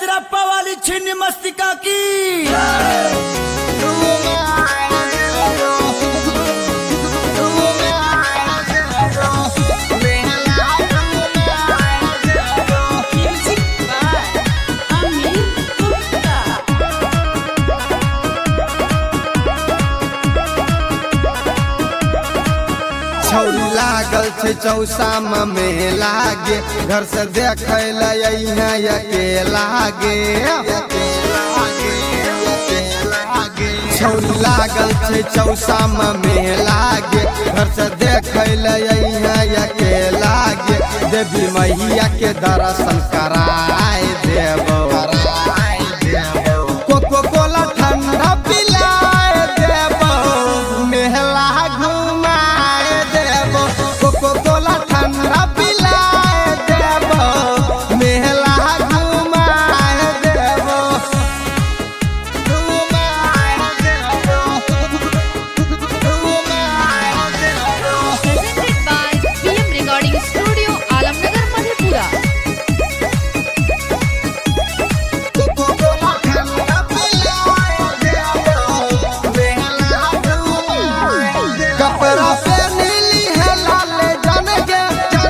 तेज पवाली छिन्न मस्तिका की लागल छे चौसाम में घर से देखे लगे लागे लागल छे चौसाम में घर से देखे लगे देवी मैया के दर्शन कराए देव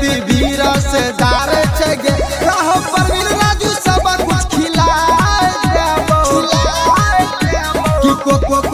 बीबीरा से दार छगे रहो परवीन राजू सब कुछ खिलाए देबो खिलाए देबो कि को को